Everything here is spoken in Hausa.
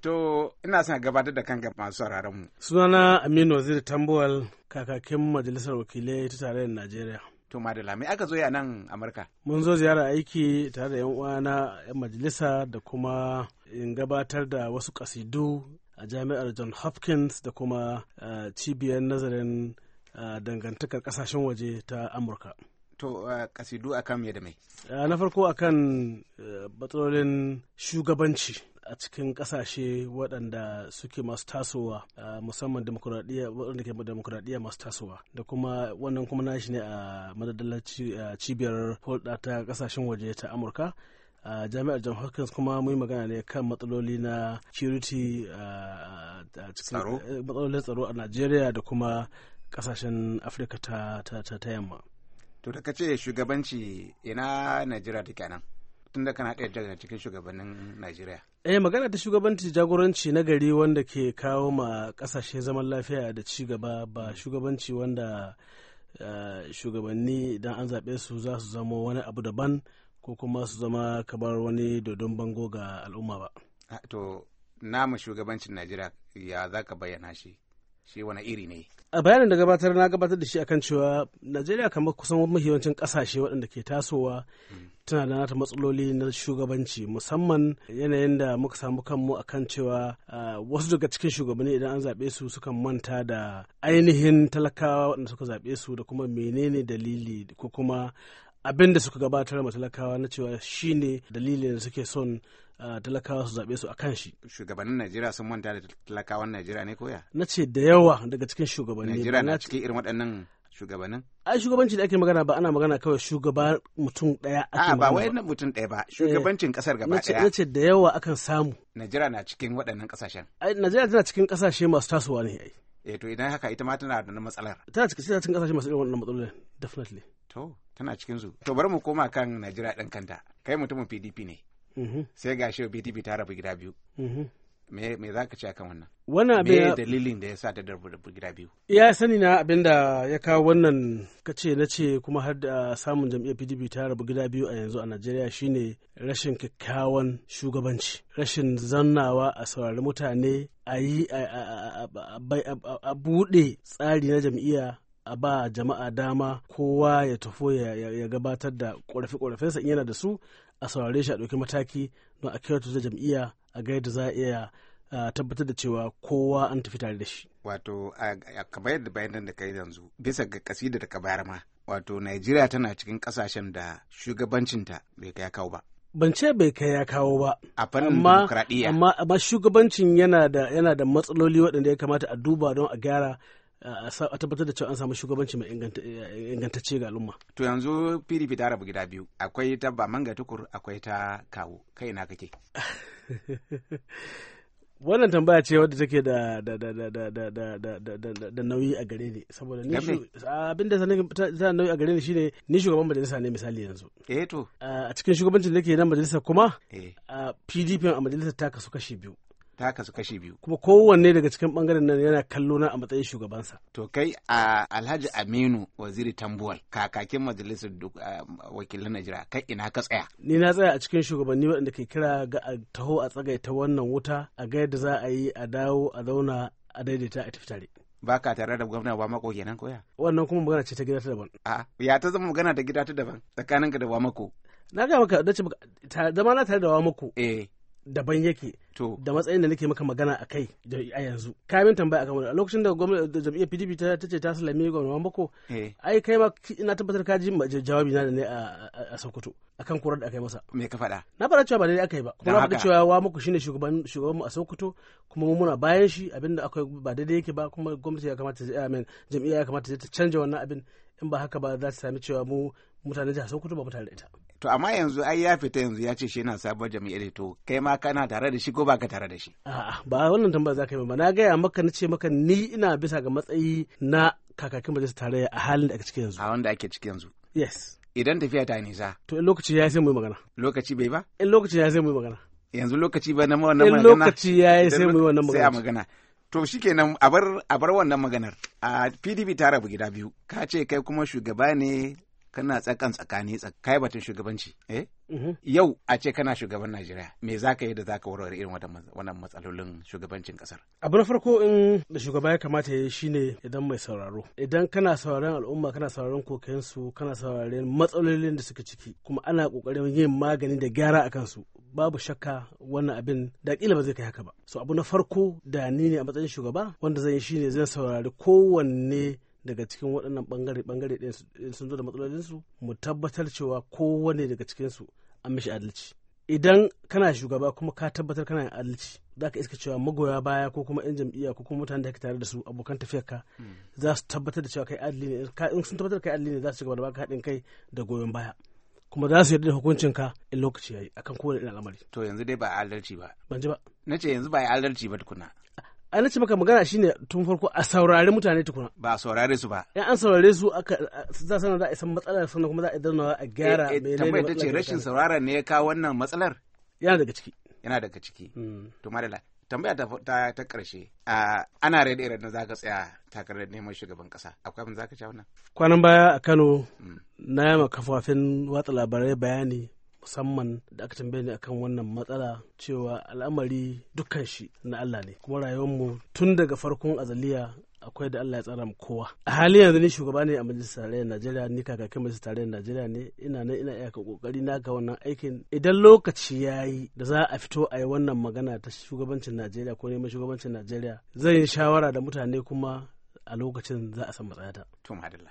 To ina son gabatar da kanka masu sauraron mu. Sunana Aminu Waziri Tambuwal kakakin Majalisar Wakilai ta Tarayyar Najeriya. To Madala, me aka zo a nan Amurka? Mun zo ziyara aiki tare da 'yan uwana 'yan majalisa da kuma in gabatar da wasu kasidu a jami'ar John Hopkins da kuma eh, cibiyar nazarin eh, dangantakar kasashen waje ta Amurka. to uh, kasidu a kan da mai uh, na farko akan batsalolin uh, shugabanci a cikin kasashe waɗanda suke masu tasowa musamman waɗanda ke demokuraɗiyya masu tasowa da kuma wannan kuma na shi ne a madadalar cibiyar hulɗa ta kasashen waje ta amurka a jami'ar john hopkins kuma mun magana ne kan matsaloli na security a cikin matsalolin tsaro a najeriya da kuma kasashen afirka ta yamma to da ka ce shugabanci ina najeriya take nan tun da kana ɗaya daga cikin shugabannin najeriya eh magana ta shugabanci jagoranci na gari wanda ke kawo ma ƙasashe zaman lafiya da ci gaba ba shugabanci wanda eh, shugabanni idan an zaɓe su za su zama wani abu daban ko kuma su zama kamar wani dodon bango ga al'umma ba ah, to namu shugabancin najeriya ya za ka bayyana shi shi wani iri ne a bayanin da gabatar na gabatar da shi akan cewa najeriya kamar kusan mahimmancin kasashe waɗanda ke tasowa tana da nata matsaloli na shugabanci musamman yanayin da muka samu kanmu a kan cewa wasu daga cikin shugabanni idan an zaɓe su sukan manta da ainihin talakawa waɗanda suka zaɓe su da kuma menene dalili ko kuma abin da suka gabatar ma talakawa na cewa shine dalilin da suke son talakawa su zaɓe su a kan shi. Shugabannin Najeriya sun manta da talakawan Najeriya ne koya? Na ce da yawa daga cikin shugabanni. Najeriya na cikin irin waɗannan shugabannin? A shugabanci da ake magana ba ana magana kawai shugaba mutum ɗaya. A ba wai na mutum ɗaya ba eh, shugabancin ƙasar gaba ɗaya. Na ce da yawa akan samu. Najeriya na cikin waɗannan ƙasashen. Najeriya tana cikin ƙasashe masu tasowa ne eh to idan haka ita ma tana da matsalar tana cikin tana cikin kasashe masu irin wannan matsalolin definitely to tana cikin su to bari mu koma kan Najeriya din kanta kai mutumin PDP ne mhm. sai gashi PDP ta rabu gida biyu mhm. me za ka ce akan wannan wannan abin ya dalilin da ya sa ta darbu gida biyu ya sani na abin da ya kawo wannan kace na ce kuma har da samun jam'iyyar pdp ta rabu gida biyu a yanzu a najeriya shine rashin kyakkyawan shugabanci rashin zannawa a saurari mutane a yi a buɗe tsari na jam'iyya a ba jama'a dama kowa ya tafo ya gabatar da ƙorafe-ƙorafensa in yana da su a saurare shi a ɗauki mataki don a kyautu da jam'iyya a gai da za a iya tabbatar da cewa kowa an tafi tare da shi. Wato kamar yadda bayanan da kai yanzu bisa ga kasida da ka bayar ma wato Najeriya tana cikin kasashen da shugabancinta bai kai kawo ba. Ban ce bai kai ya kawo ba. A fannin demokradiyya. Amma, shugabancin yana yana da matsaloli waɗanda ya kamata a duba don a gyara a tabbatar da cewa an samu shugabanci mai ingantacce ga al'umma. To yanzu PDP ta rabu gida biyu, akwai ta ba manga tukur akwai ta kawo, kai na kake. Wannan tambaya ce wadda take da da da da da da da da da da da nauyi a gare ni saboda ni abinda ta nauyi a gare ni shine ni shugaban majalisa ne misali yanzu. Eh to. A cikin shugabancin da ke nan majalisa kuma PDP a majalisa ta kasu kashi biyu. ta kasu kashi biyu. Kuma kowanne daga cikin bangaren nan yana kallo na a matsayin shugabansa. To kai a Alhaji Aminu Waziri Tambuwal kakakin majalisar wakilan Najeriya kai ina ka tsaya. Ni na tsaya a cikin shugabanni waɗanda ke kira ga a taho a tsagaita wannan wuta a ga yadda za a yi a dawo a zauna a daidaita a tafi tare. ba ka tare da gwamna ba mako kenan koya wannan kuma magana ce ta gida ta daban a ya ta zama magana ta gida ta daban tsakaninka da wa mako na ga maka dace maka zama na tare da wa mako eh daban yake da matsayin da nake maka magana a kai a yanzu kamin tambaya akan wani a lokacin da gwamnati jam'iyyar pdp ta ce ta salami gwamnatin bako eh. ai kai ma ina tabbatar ka ji jawabi na da ne a sokoto kan kurar da aka yi masa me ka faɗa na faɗa cewa ba daidai aka yi ba kuma na faɗa cewa wa muku shine shugaban shugaban mu a sokoto kuma mu muna bayan shi abinda akwai ba daidai yake ba kuma gwamnati ya kamata ta jam'iyya ya kamata ta canja wannan abin in ba haka ba za ta sami cewa mu mutanen jihar sokoto ba mutane da ita to amma yanzu ai ya fita yanzu ya ce shi yana sabon jam'iyyar to kai ma kana tare da shi ko baka tare da shi a'a ba wannan tambaya zaka yi ba na gaya maka na ce maka ni ina bisa ga matsayi na kakakin majalisar tarayya a halin da ake ciki yanzu a wanda ake ciki yanzu yes idan tafiya ta nisa to in lokaci ya sai mu magana lokaci bai ba in lokaci ya sai mu magana yanzu lokaci ba na wannan magana in lokaci ya sai mu wannan magana sai a magana to shikenan a bar a bar wannan maganar a PDP ta rabu gida biyu ka ce kai kuma shugaba ne kana tsakan tsakani kai batun shugabanci eh mhm. yau a ce kana shugaban Najeriya me za ka yi da za ka warware irin wannan matsalolin shugabancin kasar abu na farko in da shugaba ya kamata ya shine idan mai sauraro idan kana sauraron al'umma kana sauraron kokayen su kana sauraron matsalolin da suka ciki kuma ana kokarin yin magani da gyara akan su babu shakka wannan abin da kila ba zai kai haka ba so abu na farko da ni ne a matsayin shugaba wanda zan yi shine zan saurari kowanne daga cikin waɗannan ɓangare-ɓangare ɗin sun zo da matsalolinsu mu tabbatar cewa kowane daga cikinsu an mishi adalci idan kana shugaba kuma ka tabbatar kana yin adalci za ka iska cewa magoya baya ko kuma yan jam'iyya ko kuma mutanen da ka tare da su abokan tafiyarka hmm. za su tabbatar da cewa kai adali ne in sun tabbatar kai adali ne za su cigaba da baka haɗin kai da goyon baya kuma za su yarda da hukuncin ka in lokaci yayi akan kowane irin al'amari to yanzu dai ba adalci ba ban ji ba nace yanzu ba adalci ba tukuna an ce maka magana shine tun farko a saurari mutane tukuna ba a saurare su ba in an saurare su aka za sanar da a san matsalar sannan kuma za a dannawa a gyara eh, eh, menene tambayar ta ce rashin saurara ne ya kawo wannan matsalar yana daga ciki yana daga ciki hmm. to madalla tambaya ta ta, ta karshe ana rede rede da zaka tsaya takarar neman shugaban kasa akwai abin zaka ci wannan kwanan baya a Kano hmm. na yama kafafen watsa labarai bayani musamman da aka tambaye ni akan wannan matsala cewa al'amari dukkan shi na Allah ne kuma rayuwarmu tun daga farkon azaliya akwai da Allah ya tsara mu kowa a halin yanzu ni shugaba ne a majalisar tarayyar Najeriya ni kakakin majalisar tarayyar Najeriya ne ina nan ina iyaka kokari na ga wannan aikin idan lokaci yayi da za a fito a yi wannan magana ta shugabancin Najeriya ko neman shugabancin Najeriya zan yi shawara da mutane kuma a lokacin za a san matsayata. To